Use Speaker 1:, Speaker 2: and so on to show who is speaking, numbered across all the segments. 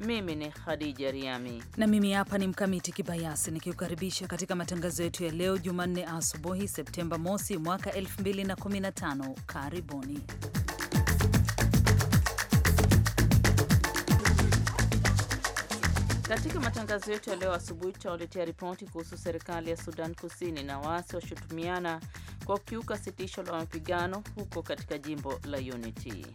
Speaker 1: Mimi ni Khadija Riami
Speaker 2: na mimi hapa ni Mkamiti Kibayasi nikiukaribisha katika matangazo yetu ya leo Jumanne asubuhi Septemba mosi mwaka 2015. Karibuni.
Speaker 1: Katika matangazo yetu ya leo asubuhi tutawaletea ripoti kuhusu serikali ya Sudan Kusini na waasi washutumiana kwa kukiuka sitisho la mapigano huko katika jimbo la Unity.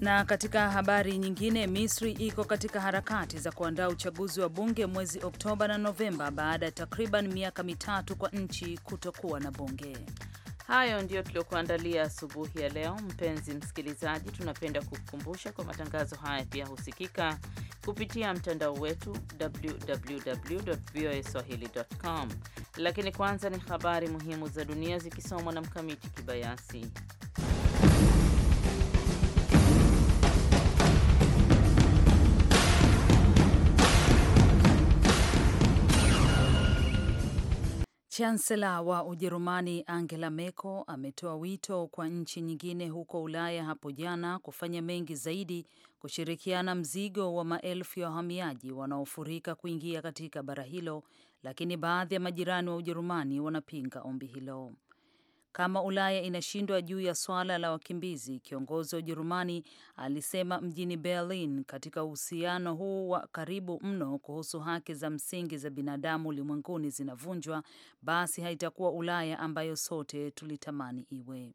Speaker 2: Na katika habari nyingine, Misri iko katika harakati za kuandaa uchaguzi wa bunge mwezi Oktoba na Novemba baada ya takriban miaka mitatu kwa nchi kutokuwa na bunge.
Speaker 1: Hayo ndiyo tuliokuandalia asubuhi ya leo. Mpenzi msikilizaji, tunapenda kukukumbusha kwa matangazo haya pia husikika kupitia mtandao wetu voa www.voaswahili.com. Lakini kwanza ni habari muhimu za dunia zikisomwa na Mkamiti Kibayasi.
Speaker 2: Chansela wa Ujerumani Angela Merkel ametoa wito kwa nchi nyingine huko Ulaya hapo jana kufanya mengi zaidi kushirikiana mzigo wa maelfu ya wahamiaji wanaofurika kuingia katika bara hilo, lakini baadhi ya majirani wa Ujerumani wanapinga ombi hilo kama Ulaya inashindwa juu ya swala la wakimbizi, kiongozi wa Ujerumani alisema mjini Berlin katika uhusiano huu wa karibu mno kuhusu haki za msingi za binadamu ulimwenguni zinavunjwa, basi haitakuwa Ulaya ambayo sote tulitamani iwe.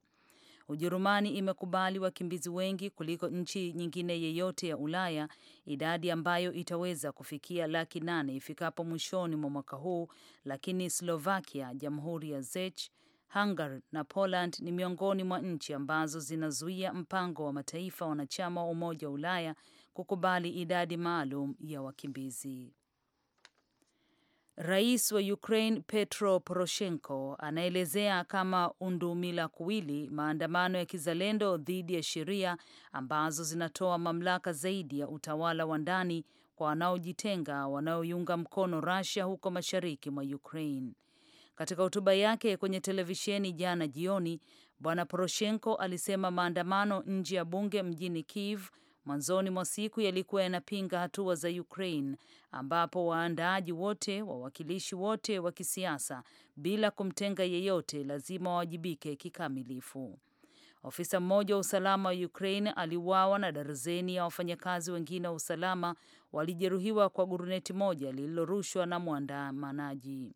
Speaker 2: Ujerumani imekubali wakimbizi wengi kuliko nchi nyingine yeyote ya Ulaya, idadi ambayo itaweza kufikia laki nane ifikapo mwishoni mwa mwaka huu, lakini Slovakia, Jamhuri ya Czech, Hungary na Poland ni miongoni mwa nchi ambazo zinazuia mpango wa mataifa wanachama wa Umoja wa Ulaya kukubali idadi maalum ya wakimbizi. Rais wa Ukraine Petro Poroshenko anaelezea kama undumila kuwili maandamano ya kizalendo dhidi ya sheria ambazo zinatoa mamlaka zaidi ya utawala wa ndani kwa wanaojitenga wanaoiunga mkono Russia huko mashariki mwa Ukraine. Katika hotuba yake kwenye televisheni jana jioni, Bwana Poroshenko alisema maandamano nje ya bunge mjini Kiev mwanzoni mwa siku yalikuwa yanapinga hatua za Ukraine ambapo waandaaji wote, wawakilishi wote wa kisiasa bila kumtenga yeyote, lazima wawajibike kikamilifu. Ofisa mmoja wa usalama wa Ukraine aliuawa na darzeni ya wafanyakazi wengine wa usalama walijeruhiwa kwa guruneti moja lililorushwa na mwandamanaji.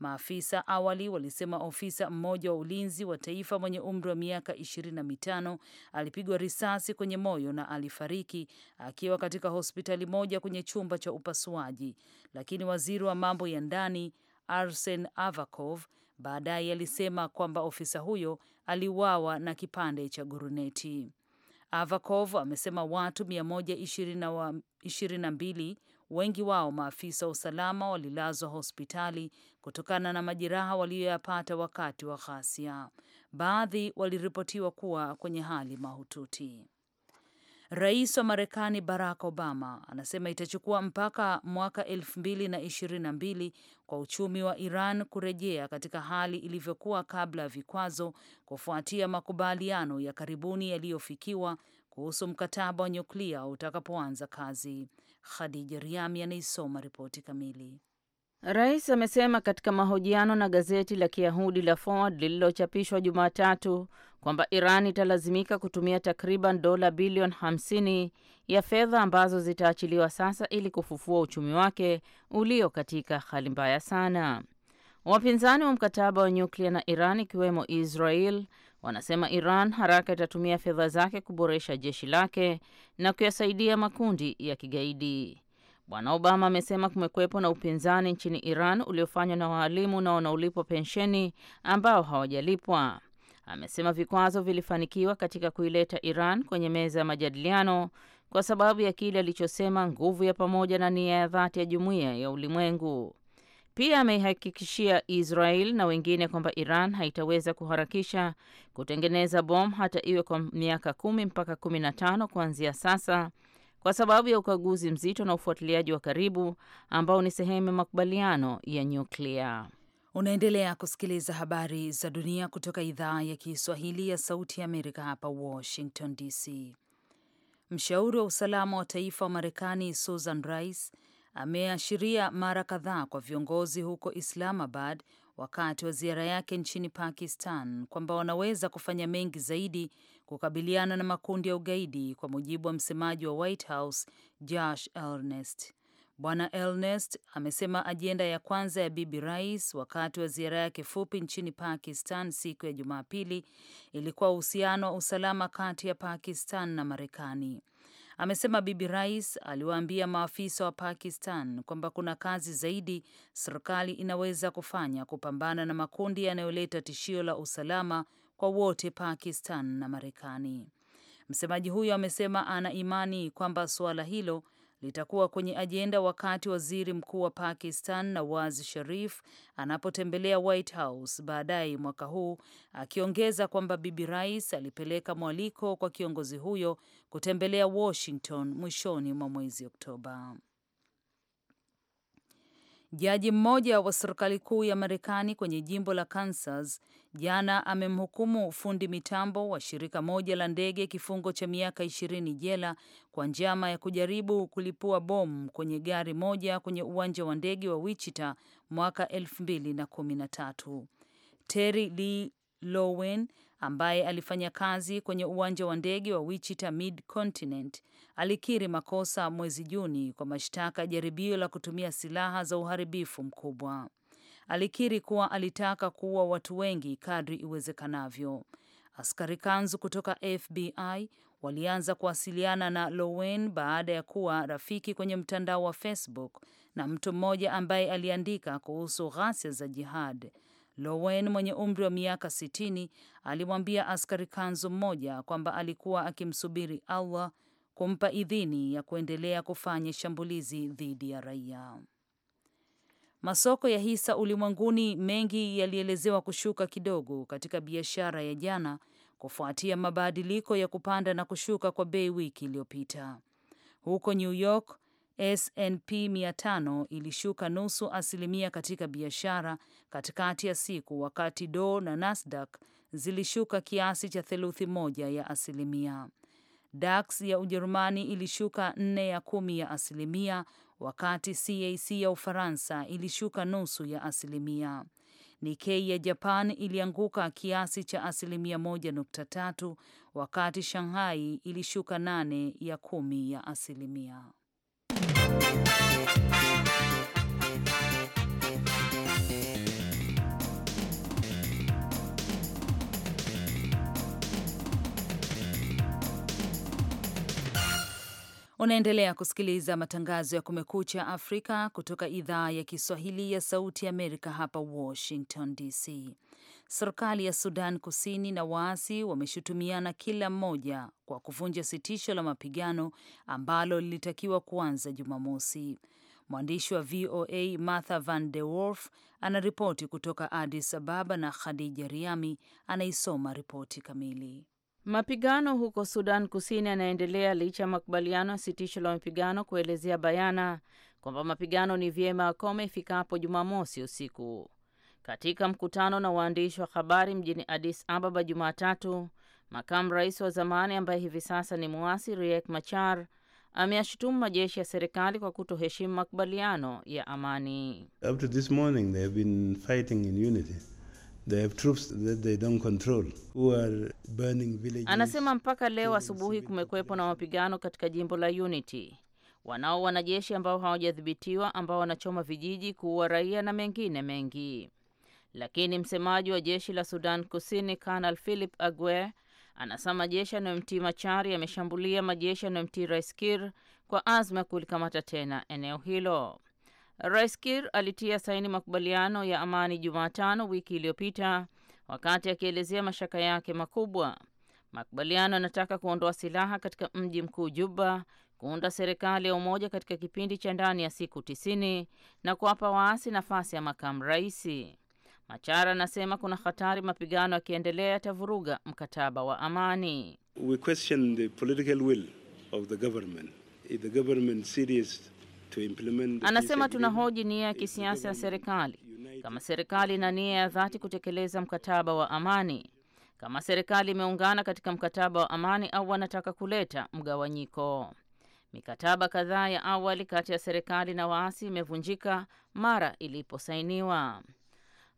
Speaker 2: Maafisa awali walisema ofisa mmoja wa ulinzi wa taifa mwenye umri wa miaka ishirini na mitano alipigwa risasi kwenye moyo na alifariki akiwa katika hospitali moja kwenye chumba cha upasuaji, lakini waziri wa mambo ya ndani Arsen Avakov baadaye alisema kwamba ofisa huyo aliuawa na kipande cha guruneti. Avakov amesema watu mia moja ishirini na mbili Wengi wao maafisa wa usalama walilazwa hospitali kutokana na majeraha waliyoyapata wakati wa ghasia. Baadhi waliripotiwa kuwa kwenye hali mahututi. Rais wa Marekani Barack Obama anasema itachukua mpaka mwaka elfu mbili na ishirini na mbili kwa uchumi wa Iran kurejea katika hali ilivyokuwa kabla ya vikwazo kufuatia makubaliano ya karibuni yaliyofikiwa kuhusu mkataba wa nyuklia utakapoanza kazi. Khadija Riami anaisoma ripoti kamili.
Speaker 1: Rais amesema katika mahojiano na gazeti la Kiyahudi la Forward lililochapishwa Jumatatu kwamba Iran italazimika kutumia takriban dola bilioni 50 ya fedha ambazo zitaachiliwa sasa ili kufufua uchumi wake ulio katika hali mbaya sana. Wapinzani wa mkataba wa nyuklia na Iran ikiwemo Israel Wanasema Iran haraka itatumia fedha zake kuboresha jeshi lake na kuyasaidia makundi ya kigaidi. Bwana Obama amesema kumekuwepo na upinzani nchini Iran uliofanywa na waalimu na wanaolipwa pensheni ambao hawajalipwa. Amesema vikwazo vilifanikiwa katika kuileta Iran kwenye meza ya majadiliano kwa sababu ya kile alichosema nguvu ya pamoja na nia ya dhati ya jumuiya ya ulimwengu. Pia ameihakikishia Israel na wengine kwamba Iran haitaweza kuharakisha kutengeneza bomu hata iwe kwa miaka kumi mpaka kumi na tano kuanzia sasa kwa sababu ya ukaguzi mzito na ufuatiliaji wa karibu ambao ni sehemu ya makubaliano ya nyuklia.
Speaker 2: Unaendelea kusikiliza habari za dunia kutoka idhaa ya Kiswahili ya Sauti ya Amerika, hapa Washington DC. Mshauri wa usalama wa taifa wa Marekani Susan Rice ameashiria mara kadhaa kwa viongozi huko Islamabad wakati wa ziara yake nchini Pakistan kwamba wanaweza kufanya mengi zaidi kukabiliana na makundi ya ugaidi, kwa mujibu wa msemaji wa White House Josh Earnest. Bwana elnest amesema ajenda ya kwanza ya bibi rais wakati wa ziara yake fupi nchini Pakistan siku ya Jumapili ilikuwa uhusiano wa usalama kati ya Pakistan na Marekani amesema Bibi Rais aliwaambia maafisa wa Pakistan kwamba kuna kazi zaidi serikali inaweza kufanya kupambana na makundi yanayoleta tishio la usalama kwa wote Pakistan na Marekani. Msemaji huyo amesema ana imani kwamba suala hilo litakuwa kwenye ajenda wakati waziri mkuu wa Pakistan Nawaz Sharif anapotembelea White House baadaye mwaka huu, akiongeza kwamba Bibi Rais alipeleka mwaliko kwa kiongozi huyo kutembelea Washington mwishoni mwa mwezi Oktoba. Jaji mmoja wa serikali kuu ya Marekani kwenye jimbo la Kansas jana amemhukumu fundi mitambo wa shirika moja la ndege kifungo cha miaka ishirini jela kwa njama ya kujaribu kulipua bomu kwenye gari moja kwenye uwanja wa ndege wa Wichita mwaka elfu mbili na kumi na tatu. Terry Lee Lowen ambaye alifanya kazi kwenye uwanja wa ndege wa Wichita Mid-Continent alikiri makosa mwezi Juni kwa mashtaka ya jaribio la kutumia silaha za uharibifu mkubwa. Alikiri kuwa alitaka kuua watu wengi kadri iwezekanavyo. Askari kanzu kutoka FBI walianza kuwasiliana na Lowen baada ya kuwa rafiki kwenye mtandao wa Facebook na mtu mmoja ambaye aliandika kuhusu ghasia za jihad. Lowen mwenye umri wa miaka sitini alimwambia askari kanzu mmoja kwamba alikuwa akimsubiri Allah kumpa idhini ya kuendelea kufanya shambulizi dhidi ya raia. Masoko ya hisa ulimwenguni mengi yalielezewa kushuka kidogo katika biashara ya jana kufuatia mabadiliko ya kupanda na kushuka kwa bei wiki iliyopita. Huko New York, SNP 500 ilishuka nusu asilimia katika biashara katikati ya siku, wakati Dow na Nasdaq zilishuka kiasi cha theluthi moja ya asilimia. DAX ya Ujerumani ilishuka nne ya kumi ya asilimia, wakati CAC ya Ufaransa ilishuka nusu ya asilimia. Nikkei ya Japan ilianguka kiasi cha asilimia moja nukta tatu wakati Shanghai ilishuka nane ya kumi ya asilimia. Unaendelea kusikiliza matangazo ya Kumekucha Afrika kutoka idhaa ya Kiswahili ya Sauti ya Amerika, hapa Washington DC. Serikali ya Sudan Kusini na waasi wameshutumiana kila mmoja kwa kuvunja sitisho la mapigano ambalo lilitakiwa kuanza Jumamosi. Mwandishi wa VOA Martha Van De Wolf anaripoti kutoka Addis Ababa na Khadija Riami anaisoma ripoti kamili. Mapigano huko Sudan Kusini yanaendelea licha ya makubaliano ya sitisho la mapigano
Speaker 1: kuelezea bayana kwamba mapigano ni vyema akome ifikapo Jumamosi usiku. Katika mkutano na waandishi wa habari mjini Addis Ababa Jumatatu, makamu rais wa zamani ambaye hivi sasa ni muasi Riek Machar ameyashutumu majeshi ya serikali kwa kutoheshimu makubaliano ya amani. Up to this morning they have been fighting in unity. They have troops that they don't control who are burning villages. Anasema mpaka leo asubuhi kumekwepo na mapigano katika jimbo la Unity. Wanao wanajeshi ambao hawajadhibitiwa ambao wanachoma vijiji, kuua raia na mengine mengi lakini msemaji wa jeshi la Sudan Kusini Kanal Philip Agwe anasema majeshi yanayomtii Machari yameshambulia majeshi yanayomtii Rais Kir kwa azma ya kulikamata tena eneo hilo. Rais Kir alitia saini makubaliano ya amani Jumatano wiki iliyopita, wakati akielezea mashaka yake makubwa. Makubaliano yanataka kuondoa silaha katika mji mkuu Juba, kuunda serikali ya umoja katika kipindi cha ndani ya siku tisini na kuwapa waasi nafasi ya makamu raisi. Machara anasema kuna hatari mapigano yakiendelea yatavuruga mkataba wa amani. We question the political will of the government. the government serious to implement the anasema, tunahoji nia ya kisiasa ya serikali. Kama serikali ina nia ya dhati kutekeleza mkataba wa amani, kama serikali imeungana katika mkataba wa amani au wanataka kuleta mgawanyiko. Mikataba kadhaa ya awali kati ya serikali na waasi imevunjika mara iliposainiwa.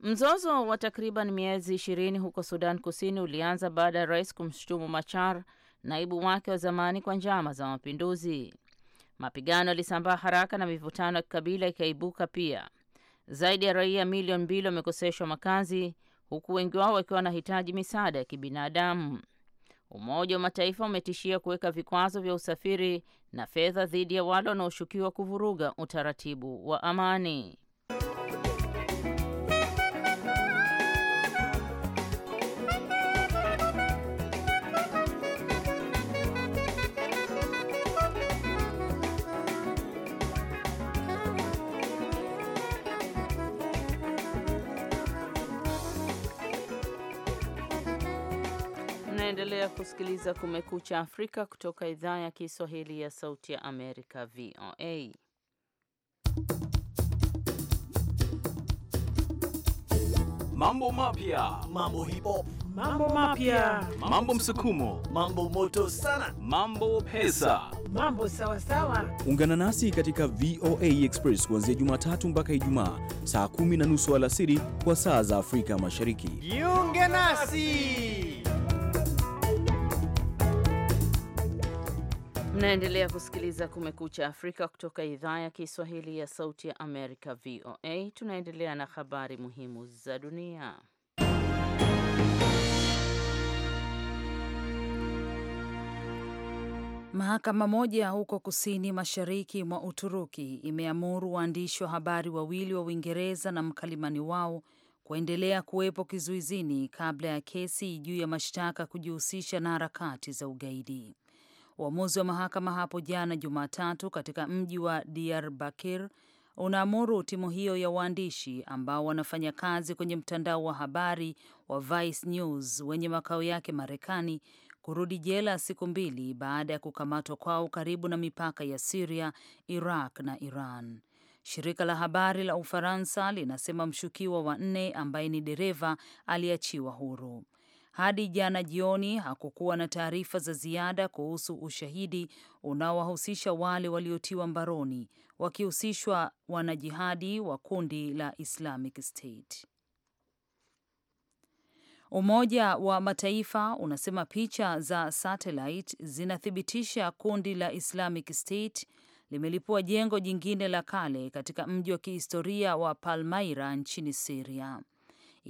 Speaker 1: Mzozo wa takriban miezi ishirini huko Sudan Kusini ulianza baada ya rais kumshutumu Machar, naibu wake wa zamani, kwa njama za mapinduzi. Mapigano yalisambaa haraka na mivutano ya kikabila ikaibuka pia. Zaidi ya raia milioni mbili wamekoseshwa makazi, huku wengi wao wakiwa wanahitaji misaada ya kibinadamu. Umoja wa Mataifa umetishia kuweka vikwazo vya usafiri na fedha dhidi ya wale wanaoshukiwa kuvuruga utaratibu wa amani. Unaendelea kusikiliza Kumekucha Afrika kutoka idhaa ya Kiswahili ya Sauti ya Amerika, VOA.
Speaker 3: Mambo mapya, mambo hip
Speaker 4: mambo mapya,
Speaker 3: mambo msukumo, mambo moto sana, mambo pesa,
Speaker 4: mambo sawasawa. sawa.
Speaker 3: Ungana nasi katika VOA Express kuanzia Jumatatu mpaka Ijumaa saa kumi na nusu alasiri kwa saa za Afrika Mashariki. Jiunge nasi.
Speaker 1: Mnaendelea kusikiliza Kumekucha Afrika kutoka idhaa ya Kiswahili ya Sauti ya Amerika, VOA. Tunaendelea na habari muhimu za dunia.
Speaker 2: Mahakama moja huko kusini mashariki mwa Uturuki imeamuru waandishi wa habari wawili wa Uingereza na mkalimani wao kuendelea kuwepo kizuizini kabla ya kesi juu ya mashtaka kujihusisha na harakati za ugaidi. Uamuzi wa mahakama hapo jana Jumatatu katika mji wa Diyarbakir unaamuru timu hiyo ya waandishi ambao wanafanya kazi kwenye mtandao wa habari wa Vice News wenye makao yake Marekani kurudi jela siku mbili baada ya kukamatwa kwao karibu na mipaka ya Siria, Iraq na Iran. Shirika la habari la Ufaransa linasema mshukiwa wa nne ambaye ni dereva aliachiwa huru. Hadi jana jioni hakukuwa na taarifa za ziada kuhusu ushahidi unaowahusisha wale waliotiwa mbaroni, wakihusishwa wanajihadi wa kundi la Islamic State. Umoja wa Mataifa unasema picha za satellite zinathibitisha kundi la Islamic State limelipua jengo jingine la kale katika mji wa kihistoria wa Palmaira nchini Siria.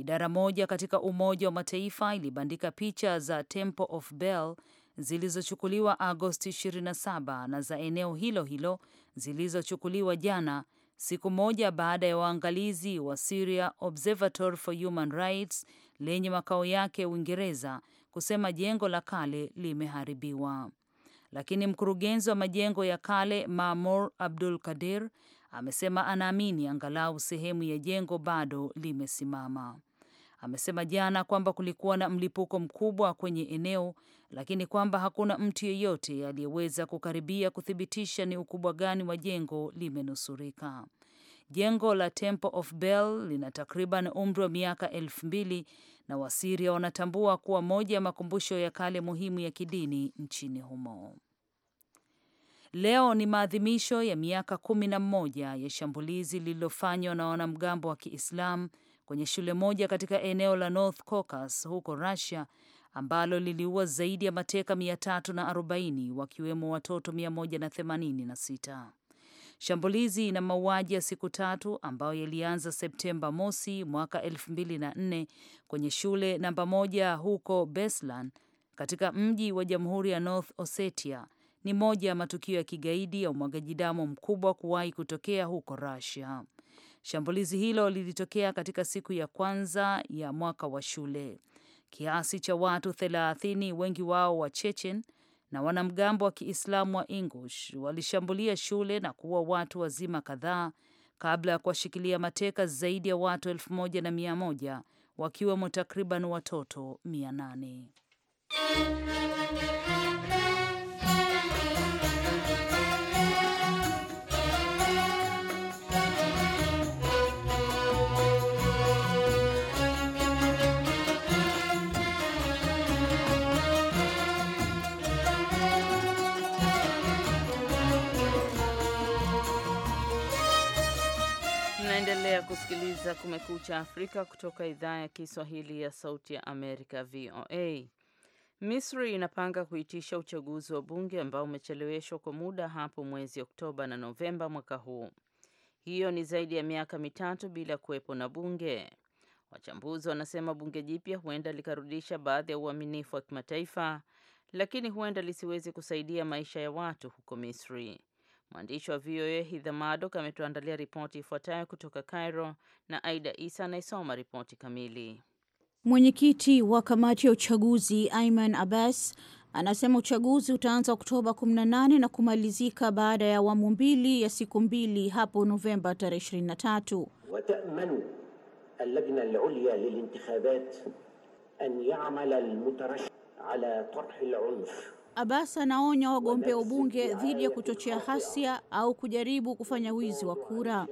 Speaker 2: Idara moja katika Umoja wa Mataifa ilibandika picha za Temple of Bell zilizochukuliwa Agosti 27 na za eneo hilo hilo zilizochukuliwa jana, siku moja baada ya waangalizi wa Syria Observatory for Human Rights lenye makao yake Uingereza kusema jengo la kale limeharibiwa. Lakini mkurugenzi wa majengo ya kale Mamor Abdul Kadir amesema anaamini angalau sehemu ya jengo bado limesimama amesema jana kwamba kulikuwa na mlipuko mkubwa kwenye eneo, lakini kwamba hakuna mtu yeyote aliyeweza kukaribia kuthibitisha ni ukubwa gani wa jengo limenusurika. Jengo la Temple of Bell lina takriban umri wa miaka elfu mbili na Wasiria wanatambua kuwa moja ya makumbusho ya kale muhimu ya kidini nchini humo. Leo ni maadhimisho ya miaka kumi na mmoja ya shambulizi lililofanywa na wanamgambo wa Kiislamu kwenye shule moja katika eneo la North Caucasus huko Russia ambalo liliua zaidi ya mateka 340 wakiwemo watoto 186. Shambulizi na mauaji ya siku tatu ambayo yalianza Septemba mosi mwaka 2004 kwenye shule namba moja huko Beslan katika mji wa Jamhuri ya North Ossetia ni moja ya matukio ya kigaidi ya umwagaji damu mkubwa kuwahi kutokea huko Russia. Shambulizi hilo lilitokea katika siku ya kwanza ya mwaka wa shule. Kiasi cha watu thelathini, wengi wao wa Chechen na wanamgambo wa Kiislamu wa Ingush walishambulia shule na kuua watu wazima kadhaa kabla ya kuwashikilia mateka zaidi ya watu elfu moja na mia moja wakiwemo takriban watoto mia nane.
Speaker 1: Naendelea kusikiliza Kumekucha Afrika kutoka idhaa ya Kiswahili ya Sauti ya Amerika, VOA. Misri inapanga kuitisha uchaguzi wa bunge ambao umecheleweshwa kwa muda hapo mwezi Oktoba na Novemba mwaka huu. Hiyo ni zaidi ya miaka mitatu bila kuwepo na bunge. Wachambuzi wanasema bunge jipya huenda likarudisha baadhi ya uaminifu wa kimataifa, lakini huenda lisiwezi kusaidia maisha ya watu huko Misri. Mwandishi wa VOA Hidha Madok ametuandalia ripoti ifuatayo kutoka Cairo na Aida Isa anayesoma ripoti kamili.
Speaker 5: Mwenyekiti wa kamati ya uchaguzi Aiman Abbas anasema uchaguzi utaanza Oktoba 18 na kumalizika baada ya awamu mbili ya siku mbili hapo Novemba tarehe 23.
Speaker 4: allajna an yamal almutarashih ala tarhi alunf
Speaker 5: Abbas anaonya wagombea ubunge dhidi ya kuchochea ghasia au kujaribu kufanya wizi wa kura.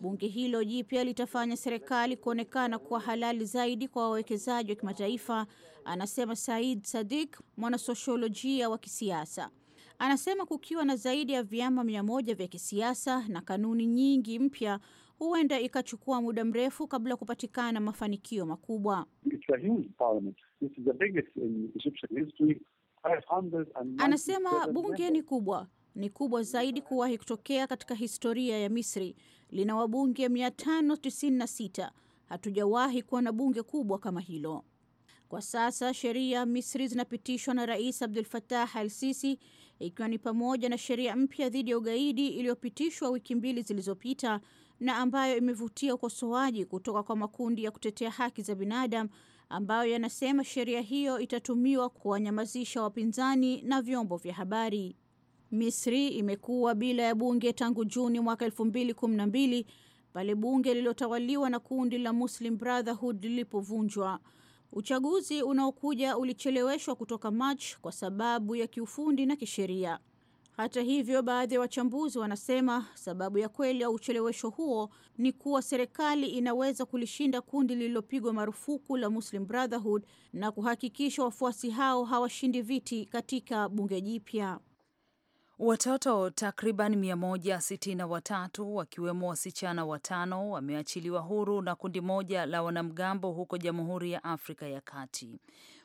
Speaker 5: Bunge hilo jipya litafanya serikali kuonekana kuwa halali zaidi kwa wawekezaji wa kimataifa, anasema Said Sadik, mwanasosiolojia wa kisiasa. Anasema kukiwa na zaidi ya vyama mia moja vya kisiasa na kanuni nyingi mpya huenda ikachukua muda mrefu kabla ya kupatikana mafanikio makubwa. Anasema bunge ni kubwa, ni kubwa zaidi kuwahi kutokea katika historia ya Misri. Lina wabunge 596. Hatujawahi kuwa na bunge kubwa kama hilo. Kwa sasa sheria Misri zinapitishwa na Rais Abdul fatah al-Sisi, ikiwa ni pamoja na sheria mpya dhidi ya ugaidi iliyopitishwa wiki mbili zilizopita na ambayo imevutia ukosoaji kutoka kwa makundi ya kutetea haki za binadamu ambayo yanasema sheria hiyo itatumiwa kuwanyamazisha wapinzani na vyombo vya habari. Misri imekuwa bila ya bunge tangu Juni mwaka 2012 pale bunge lililotawaliwa na kundi la Muslim Brotherhood lilipovunjwa. Uchaguzi unaokuja ulicheleweshwa kutoka March kwa sababu ya kiufundi na kisheria. Hata hivyo, baadhi ya wachambuzi wanasema sababu ya kweli ya uchelewesho huo ni kuwa serikali inaweza kulishinda kundi lililopigwa marufuku la Muslim Brotherhood na kuhakikisha wafuasi hao hawashindi viti katika bunge jipya. Watoto takriban
Speaker 2: 163 wakiwemo wasichana watano wameachiliwa huru na kundi moja la wanamgambo huko Jamhuri ya Afrika ya Kati,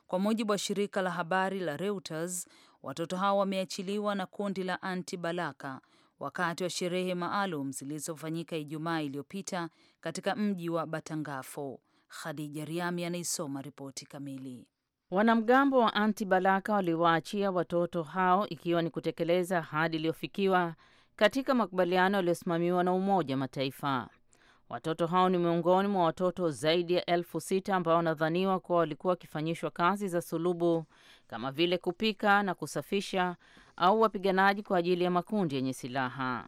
Speaker 2: kwa mujibu wa shirika la habari la Reuters. Watoto hao wameachiliwa na kundi la Anti Balaka wakati wa sherehe maalum zilizofanyika Ijumaa iliyopita katika mji wa Batangafo. Khadija Riami anaisoma ripoti kamili.
Speaker 1: Wanamgambo wa Anti Balaka waliwaachia watoto hao ikiwa ni kutekeleza ahadi iliyofikiwa katika makubaliano yaliyosimamiwa na Umoja wa Mataifa. Watoto hao ni miongoni mwa watoto zaidi ya elfu sita ambao wanadhaniwa kuwa walikuwa wakifanyishwa kazi za sulubu kama vile kupika na kusafisha au wapiganaji kwa ajili ya makundi yenye silaha.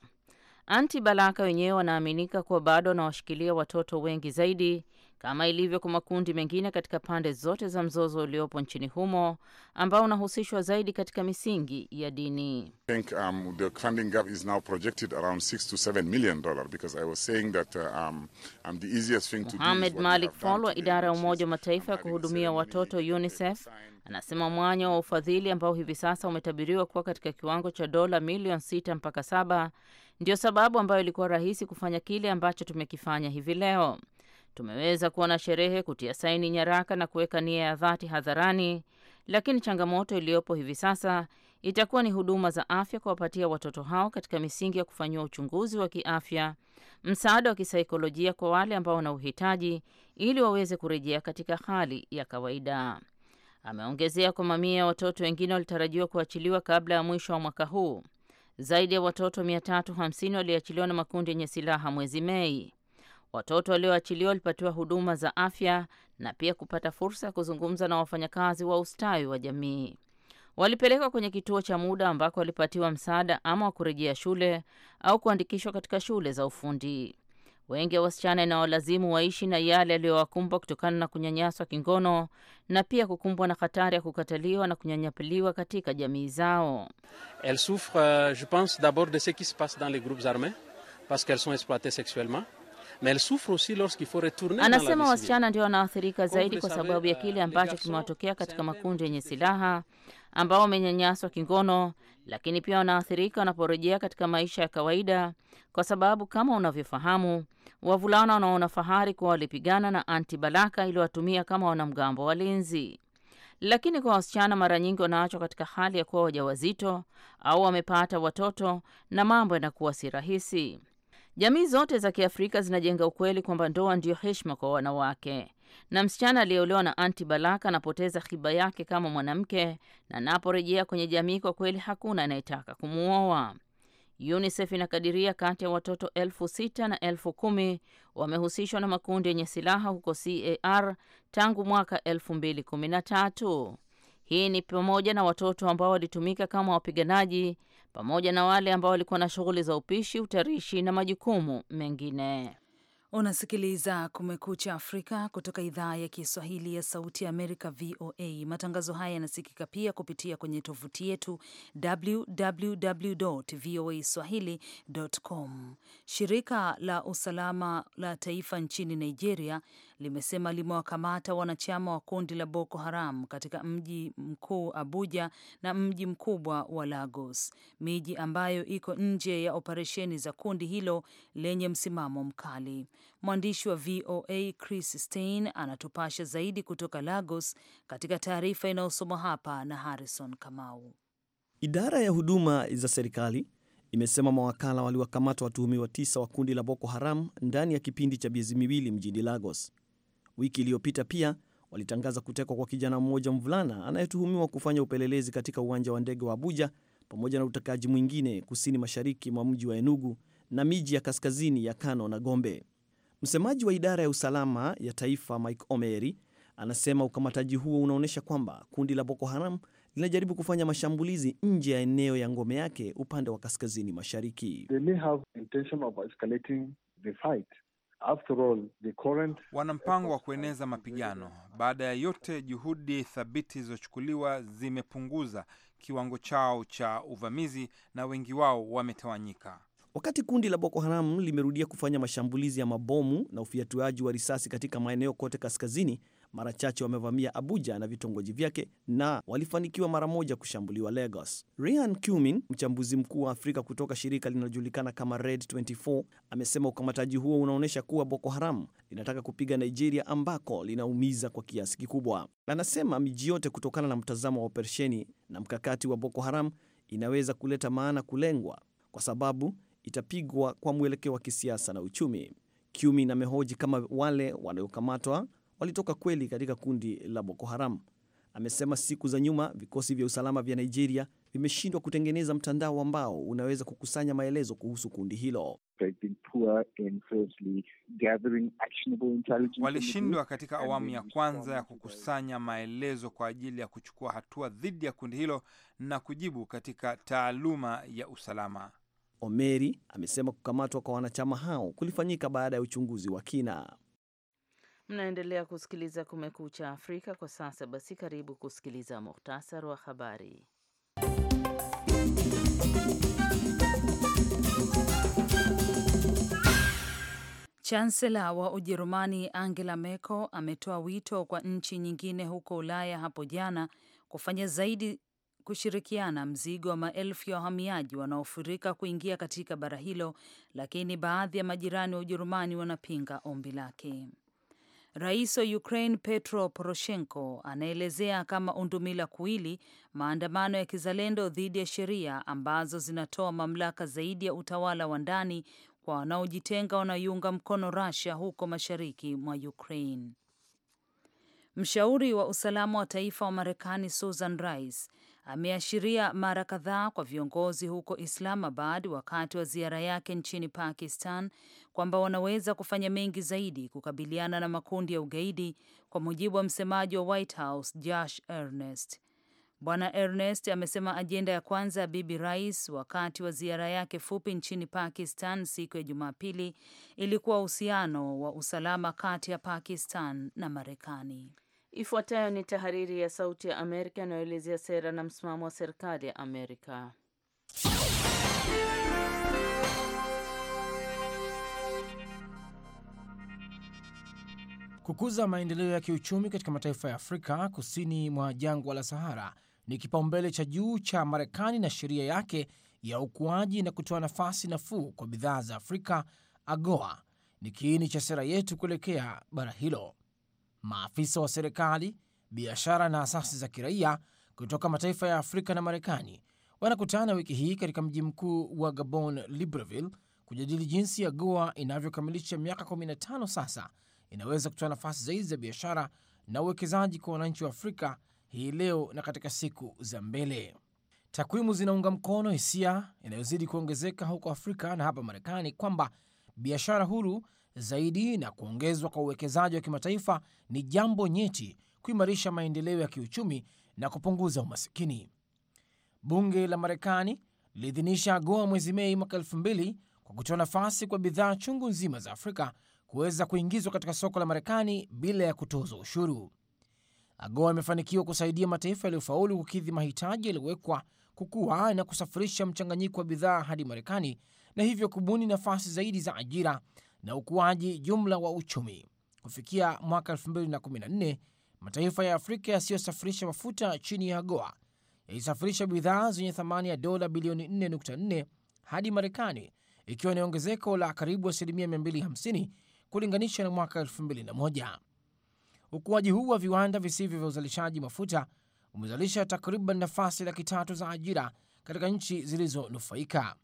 Speaker 1: Anti Balaka wenyewe wanaaminika kuwa bado wanawashikilia watoto wengi zaidi kama ilivyo kwa makundi mengine katika pande zote za mzozo uliopo nchini humo ambao unahusishwa zaidi katika misingi ya dini.
Speaker 3: Um, uh, um, Mohamed
Speaker 1: Malik Fall wa idara ya Umoja wa Mataifa ya kuhudumia watoto UNICEF anasema mwanya wa ufadhili ambao hivi sasa umetabiriwa kuwa katika kiwango cha dola milioni sita mpaka saba ndio sababu ambayo ilikuwa rahisi kufanya kile ambacho tumekifanya hivi leo. Tumeweza kuwa na sherehe, kutia saini nyaraka na kuweka nia ya dhati hadharani, lakini changamoto iliyopo hivi sasa itakuwa ni huduma za afya kuwapatia watoto hao katika misingi ya kufanyiwa uchunguzi wa kiafya, msaada wa kisaikolojia kwa wale ambao wana uhitaji ili waweze kurejea katika hali ya kawaida. Ameongezea kwa mamia ya watoto wengine walitarajiwa kuachiliwa kabla ya mwisho wa mwaka huu. Zaidi ya watoto 350 waliachiliwa na makundi yenye silaha mwezi Mei. Watoto walioachiliwa walipatiwa huduma za afya na pia kupata fursa ya kuzungumza na wafanyakazi wa ustawi wa jamii. Walipelekwa kwenye kituo cha muda ambako walipatiwa msaada ama wa kurejea shule au kuandikishwa katika shule za ufundi. Wengi wa wasichana inawalazimu waishi na yale yaliyowakumbwa kutokana na kunyanyaswa kingono na pia kukumbwa na hatari ya kukataliwa na kunyanyapiliwa katika jamii zao.
Speaker 4: elle souffre je pense d'abord de ce qui se passe dans les groupes armes parce qu'elles sont sexuellement Anasema wasichana
Speaker 1: ndio wanaathirika zaidi kwa sababu ya kile euh, ambacho kimewatokea katika makundi yenye silaha ambao wamenyanyaswa kingono, lakini pia wanaathirika wanaporejea katika maisha ya kawaida, kwa sababu kama unavyofahamu, wavulana wanaona fahari kuwa walipigana na anti balaka iliwatumia kama wanamgambo walinzi. Lakini kwa wasichana mara nyingi wanaachwa katika hali ya kuwa wajawazito au wamepata watoto na mambo yanakuwa si rahisi. Jamii zote za Kiafrika zinajenga ukweli kwamba ndoa ndiyo heshima kwa wanawake, na msichana aliyeolewa na anti balaka anapoteza hiba yake kama mwanamke, na anaporejea kwenye jamii, kwa kweli hakuna anayetaka kumwoa UNICEF inakadiria kati ya watoto elfu sita na elfu kumi wamehusishwa na makundi yenye silaha huko CAR tangu mwaka tatu. Hii ni pamoja na watoto ambao walitumika kama wapiganaji pamoja na wale ambao walikuwa na shughuli za upishi, utarishi na majukumu mengine.
Speaker 2: Unasikiliza Kumekucha Afrika kutoka idhaa ya Kiswahili ya Sauti ya Amerika, VOA. Matangazo haya yanasikika pia kupitia kwenye tovuti yetu www voa swahili.com. Shirika la usalama la taifa nchini Nigeria limesema limewakamata wanachama wa kundi la Boko Haram katika mji mkuu Abuja na mji mkubwa wa Lagos, miji ambayo iko nje ya operesheni za kundi hilo lenye msimamo mkali. Mwandishi wa VOA Chris Stein anatupasha zaidi kutoka Lagos, katika taarifa inayosomwa hapa na Harrison Kamau.
Speaker 3: Idara ya huduma za serikali imesema mawakala waliwakamata watuhumiwa tisa wa kundi la Boko Haram ndani ya kipindi cha miezi miwili mjini Lagos. Wiki iliyopita pia walitangaza kutekwa kwa kijana mmoja mvulana anayetuhumiwa kufanya upelelezi katika uwanja wa ndege wa Abuja pamoja na utekaji mwingine kusini mashariki mwa mji wa Enugu na miji ya kaskazini ya Kano na Gombe. Msemaji wa idara ya usalama ya taifa Mike Omeri anasema ukamataji huo unaonyesha kwamba kundi la Boko Haram linajaribu kufanya mashambulizi nje ya eneo ya ngome yake upande wa kaskazini mashariki. They may have
Speaker 4: intention of escalating the fight. After all, the current... Uh, wana mpango wa kueneza mapigano. Baada ya yote, juhudi thabiti zilizochukuliwa zimepunguza kiwango chao cha uvamizi na wengi wao wametawanyika.
Speaker 3: Wakati kundi la Boko Haram limerudia kufanya mashambulizi ya mabomu na ufiatuaji wa risasi katika maeneo kote kaskazini mara chache wamevamia Abuja na vitongoji vyake na walifanikiwa mara moja kushambuliwa Lagos. Ryan Cumin, mchambuzi mkuu wa Afrika kutoka shirika linalojulikana kama Red 24, amesema ukamataji huo unaonyesha kuwa Boko Haram linataka kupiga Nigeria ambako linaumiza kwa kiasi kikubwa. Anasema miji yote, kutokana na mtazamo wa operesheni na mkakati wa Boko Haram, inaweza kuleta maana kulengwa kwa sababu itapigwa kwa mwelekeo wa kisiasa na uchumi. Cumming amehoji kama wale waliokamatwa walitoka kweli katika kundi la Boko Haram. Amesema siku za nyuma vikosi vya usalama vya Nigeria vimeshindwa kutengeneza mtandao ambao unaweza kukusanya maelezo kuhusu kundi hilo. Walishindwa katika awamu ya
Speaker 4: kwanza ya kukusanya maelezo kwa ajili ya kuchukua hatua dhidi ya kundi hilo na kujibu katika taaluma ya usalama.
Speaker 3: Omeri amesema kukamatwa kwa wanachama hao kulifanyika baada ya uchunguzi wa kina.
Speaker 4: Mnaendelea
Speaker 1: kusikiliza Kumekucha Afrika kwa sasa. Basi karibu kusikiliza muhtasari wa habari.
Speaker 2: Chansela wa Ujerumani Angela Merkel ametoa wito kwa nchi nyingine huko Ulaya hapo jana kufanya zaidi kushirikiana mzigo wa maelfu ya wahamiaji wanaofurika kuingia katika bara hilo, lakini baadhi ya majirani wa Ujerumani wanapinga ombi lake. Rais wa Ukraine Petro Poroshenko anaelezea kama undumila kuili maandamano ya kizalendo dhidi ya sheria ambazo zinatoa mamlaka zaidi ya utawala wa ndani kwa wanaojitenga wanaoiunga mkono Russia huko mashariki mwa Ukraine. Mshauri wa usalama wa taifa wa Marekani Susan Rice ameashiria mara kadhaa kwa viongozi huko Islamabad wakati wa ziara yake nchini Pakistan kwamba wanaweza kufanya mengi zaidi kukabiliana na makundi ya ugaidi, kwa mujibu wa msemaji wa White House Josh Ernest. Bwana Ernest amesema ajenda ya kwanza ya bibi rais wakati wa ziara yake fupi nchini Pakistan siku ya Jumapili ilikuwa uhusiano wa usalama kati ya Pakistan na Marekani. Ifuatayo ni tahariri ya Sauti ya Amerika inayoelezea sera na
Speaker 1: msimamo wa serikali ya Amerika.
Speaker 4: Kukuza maendeleo ya kiuchumi katika mataifa ya Afrika kusini mwa jangwa la Sahara ni kipaumbele cha juu cha Marekani na sheria yake ya ukuaji na kutoa nafasi nafuu kwa bidhaa za Afrika. AGOA ni kiini cha sera yetu kuelekea bara hilo. Maafisa wa serikali, biashara na asasi za kiraia kutoka mataifa ya Afrika na Marekani wanakutana wiki hii katika mji mkuu wa Gabon, Libreville, kujadili jinsi AGOA inavyokamilisha miaka 15 sasa inaweza kutoa nafasi zaidi za biashara na uwekezaji kwa wananchi wa Afrika hii leo na katika siku za mbele. Takwimu zinaunga mkono hisia inayozidi kuongezeka huko Afrika na hapa Marekani kwamba biashara huru zaidi na kuongezwa kwa uwekezaji wa kimataifa ni jambo nyeti kuimarisha maendeleo ya kiuchumi na kupunguza umasikini. Bunge la Marekani liliidhinisha AGOA mwezi Mei mwaka elfu mbili kwa kutoa nafasi kwa bidhaa chungu nzima za Afrika kuweza kuingizwa katika soko la Marekani bila ya kutozwa ushuru. AGOA imefanikiwa kusaidia mataifa yaliyofaulu kukidhi mahitaji yaliyowekwa kukua na kusafirisha mchanganyiko wa bidhaa hadi Marekani na hivyo kubuni nafasi zaidi za ajira na ukuaji jumla wa uchumi. Kufikia mwaka 2014 mataifa ya Afrika yasiyosafirisha mafuta chini ya AGOA yalisafirisha bidhaa zenye thamani ya dola bilioni 4.4 hadi Marekani, ikiwa ni ongezeko la karibu asilimia 250 kulinganisha na mwaka 2001. Ukuaji huu wa viwanda visivyo vya uzalishaji mafuta umezalisha takriban nafasi laki tatu za ajira katika nchi zilizonufaika.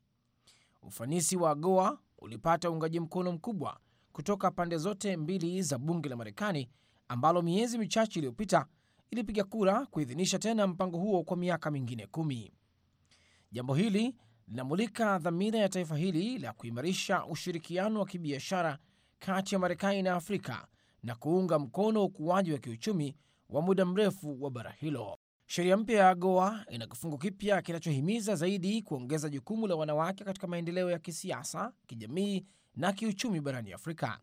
Speaker 4: Ufanisi wa AGOA ulipata uungaji mkono mkubwa kutoka pande zote mbili za bunge la Marekani ambalo miezi michache iliyopita ilipiga kura kuidhinisha tena mpango huo kwa miaka mingine kumi. Jambo hili linamulika dhamira ya taifa hili la kuimarisha ushirikiano wa kibiashara kati ya Marekani na Afrika na kuunga mkono ukuaji wa kiuchumi wa muda mrefu wa bara hilo. Sheria mpya ya AGOA ina kifungu kipya kinachohimiza zaidi kuongeza jukumu la wanawake katika maendeleo ya kisiasa, kijamii na kiuchumi barani Afrika.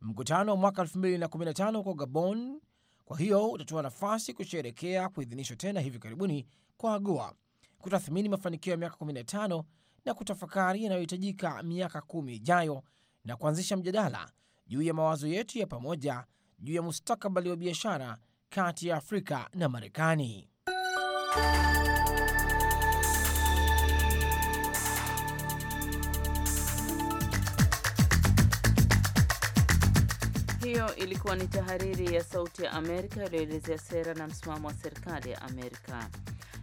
Speaker 4: Mkutano wa mwaka 2015 kwa Gabon kwa hiyo utatoa nafasi kusherekea kuidhinishwa tena hivi karibuni kwa AGOA, kutathmini mafanikio ya miaka 15 na kutafakari yanayohitajika miaka kumi ijayo na kuanzisha mjadala juu ya mawazo yetu ya pamoja juu ya mustakabali wa biashara kati ya Afrika na Marekani.
Speaker 1: Hiyo ilikuwa ni tahariri ya Sauti ya Amerika iliyoelezea sera na msimamo wa serikali ya Amerika.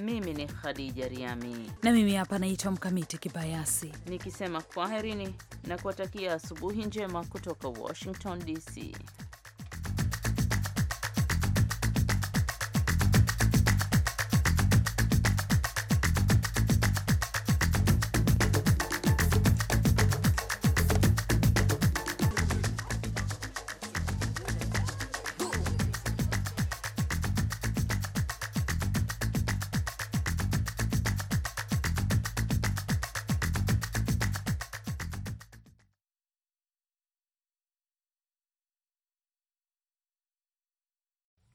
Speaker 1: mimi ni Khadija Riami
Speaker 2: na mimi hapa naitwa Mkamiti Kibayasi,
Speaker 1: nikisema kwaherini na kuwatakia asubuhi njema kutoka Washington DC.